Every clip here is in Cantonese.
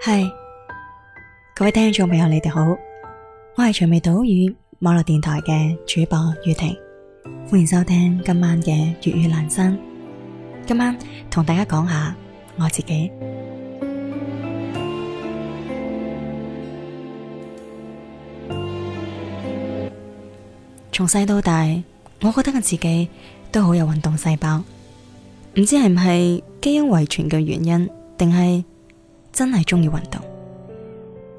係各位聽眾朋友，你哋好，我係長尾島嶼網絡電台嘅主播雨婷，歡迎收聽今晚嘅粵語闌珊。今晚同大家講下我自己。 從細到大，我覺得我自己都好有運動細胞，唔知係唔係基因遺傳嘅原因，定係？真係中意運動，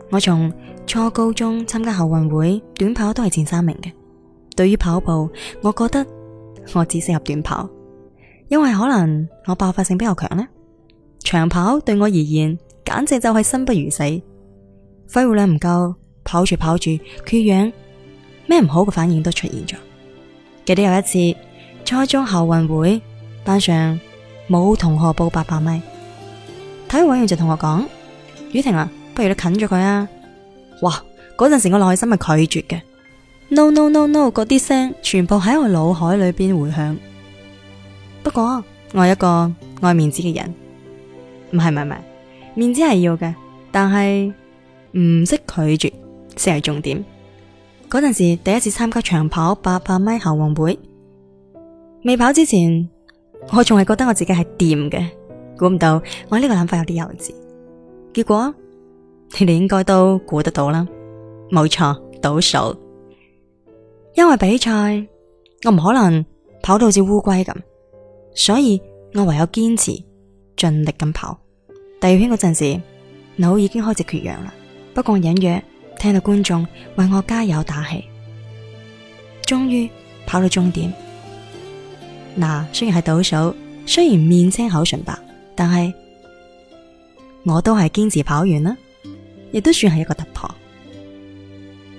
我從初高中參加校運會，短跑都係前三名嘅。對於跑步，我覺得我只適合短跑，因為可能我爆發性比較強咧。長跑對我而言，簡直就係生不如死，肺活量唔夠，跑住跑住，缺氧，咩唔好嘅反應都出現咗。記得有一次初中校運會，班上冇同學報八百米。體育委員就同我講：雨婷啊，不如你啃咗佢啊！哇，嗰陣時我內心係拒絕嘅，no no no no，嗰啲聲全部喺我腦海裏邊迴響。不過我係一個愛面子嘅人，唔係唔係唔係，面子係要嘅，但係唔識拒絕先係重點。嗰陣時第一次參加長跑八百米校運會，未跑之前，我仲係覺得我自己係掂嘅。估唔到，我呢個諗法有啲幼稚。結果你哋應該都估得到啦，冇錯，倒數。因為比賽我唔可能跑到好似烏龜咁，所以我唯有堅持，盡力咁跑。第二圈嗰陣時，腦已經開始缺氧啦。不過隱約聽到觀眾為我加油打氣，終於跑到終點。嗱，雖然係倒數，雖然面青口唇白。但係我都係堅持跑完啦，亦都算係一個突破。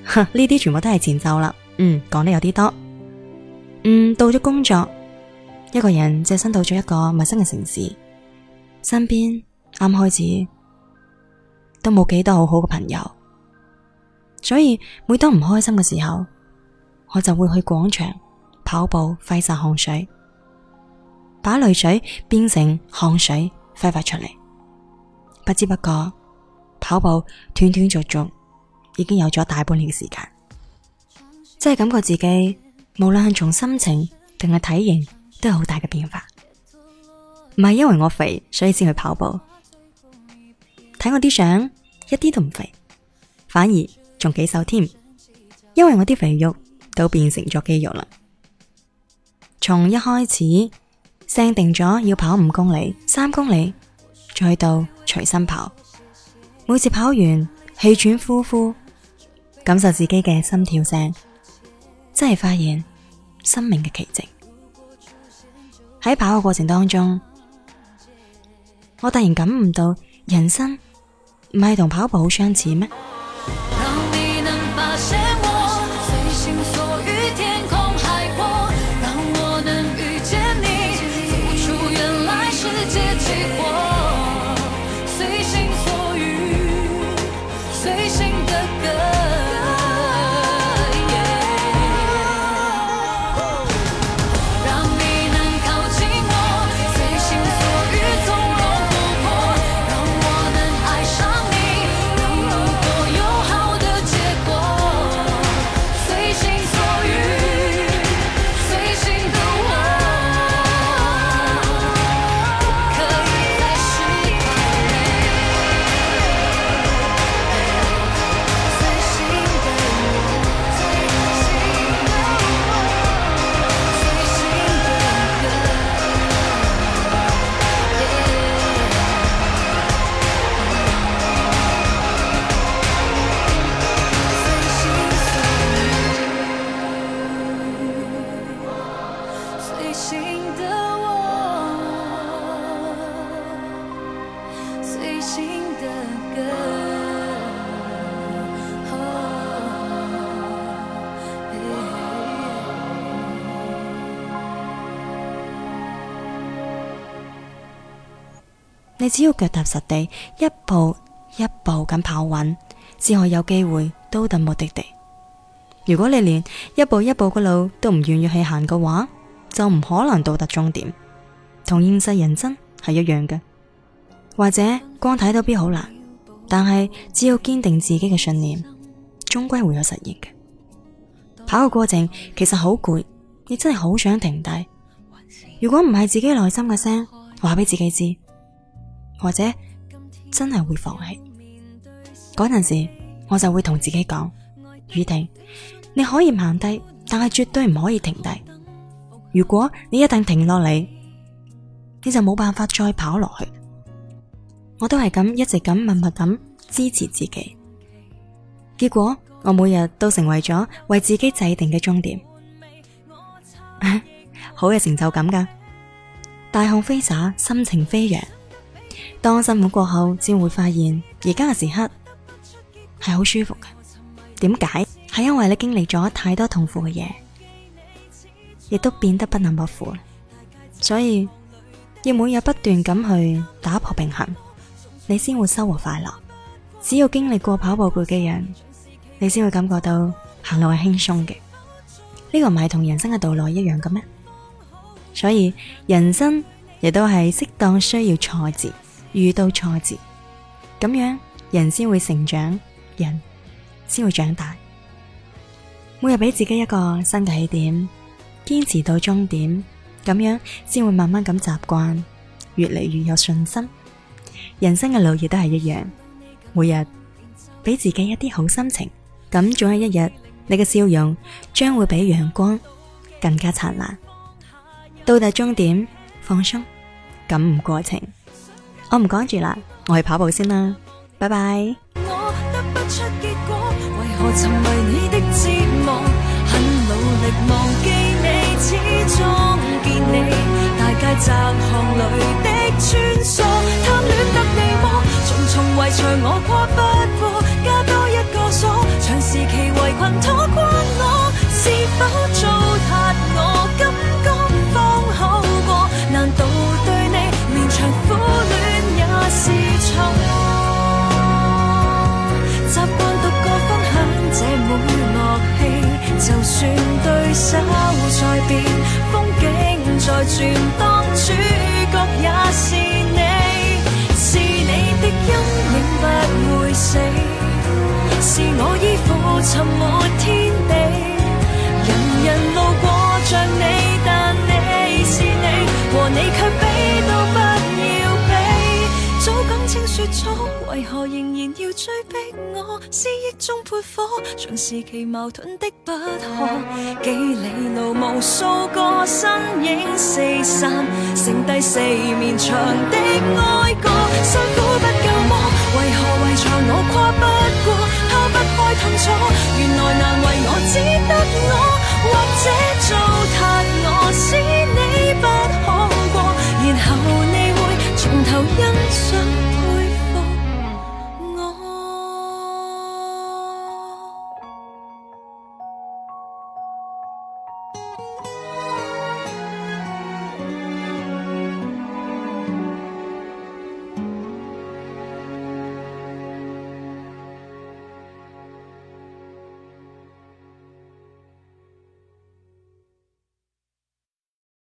哈，呢啲全部都係前奏啦。嗯，講得有啲多。嗯，到咗工作，一個人隻身到咗一個陌生嘅城市，身邊啱開始都冇幾多好好嘅朋友，所以每當唔開心嘅時候，我就會去廣場跑步揮灑汗水。把淚水變成汗水揮發出嚟，不知不覺跑步斷斷續續已經有咗大半年嘅時間，真係感覺自己無論係從心情定係體型都有好大嘅變化。唔係因為我肥所以先去跑步，睇我啲相一啲都唔肥，反而仲幾瘦添，因為我啲肥肉都變成咗肌肉啦。從一開始。聲定咗，要跑五公里、三公里，再到隨心跑。每次跑完，氣喘呼呼，感受自己嘅心跳聲，真係發現生命嘅奇蹟。喺跑嘅過程當中，我突然感悟到，人生唔係同跑步好相似咩？你只要腳踏實地，一步一步咁跑穩，只可有機會到達目的地。如果你連一步一步嘅路都唔願意去行嘅話，就唔可能到達終點。同現實人生真係一樣嘅，或者光睇到邊好難，但係只要堅定自己嘅信念，終歸會有實現嘅。跑嘅過程其實好攰，你真係好想停低。如果唔係自己內心嘅聲話俾自己知，或者真係會放棄，嗰陣時我就會同自己講：，雨婷，你可以慢低，但係絕對唔可以停低。如果你一旦停落嚟，你就冇辦法再跑落去。我都係咁一直咁默默咁支持自己，結果我每日都成為咗為自己制定嘅終點， 好有成就感噶，大汗飛灑，心情飛揚。當辛苦過後，先會發現而家嘅時刻係好舒服嘅。點解？係因為你經歷咗太多痛苦嘅嘢，亦都變得不能不苦。所以要每日不斷咁去打破平衡，你先會收穫快樂。只要經歷過跑步攰嘅人，你先會感覺到行路係輕鬆嘅。呢、這個唔係同人生嘅道路一樣嘅咩？所以人生亦都係適當需要挫折，遇到挫折，咁樣人先會成長，人先會長大。每日俾自己一個新嘅起點，堅持到終點，咁樣先會慢慢咁習慣，越嚟越有信心。人生嘅路亦都係一樣，每日俾自己一啲好心情，咁總有一日，你嘅笑容將會比陽光更加燦爛。到達終點，放鬆，感悟過程。我唔趕住啦，我去跑步先啦，拜拜。我得不出結果，為何沉迷你的折磨，很努力忘記你，始終見你，大街窄巷裡的穿梭，貪戀得你麼，重重圍牆我跨不過。就算對手在變，風景在轉，當主角也是你，是你的陰影不會死，是我依附沉沒天。思憶中撲火，像是其矛盾的不可。幾里路無數個身影四散，剩低四面牆的哀歌。辛苦不夠麼？為何圍牆我跨不過？拋不開痛楚？原來難為我，只得我，或者。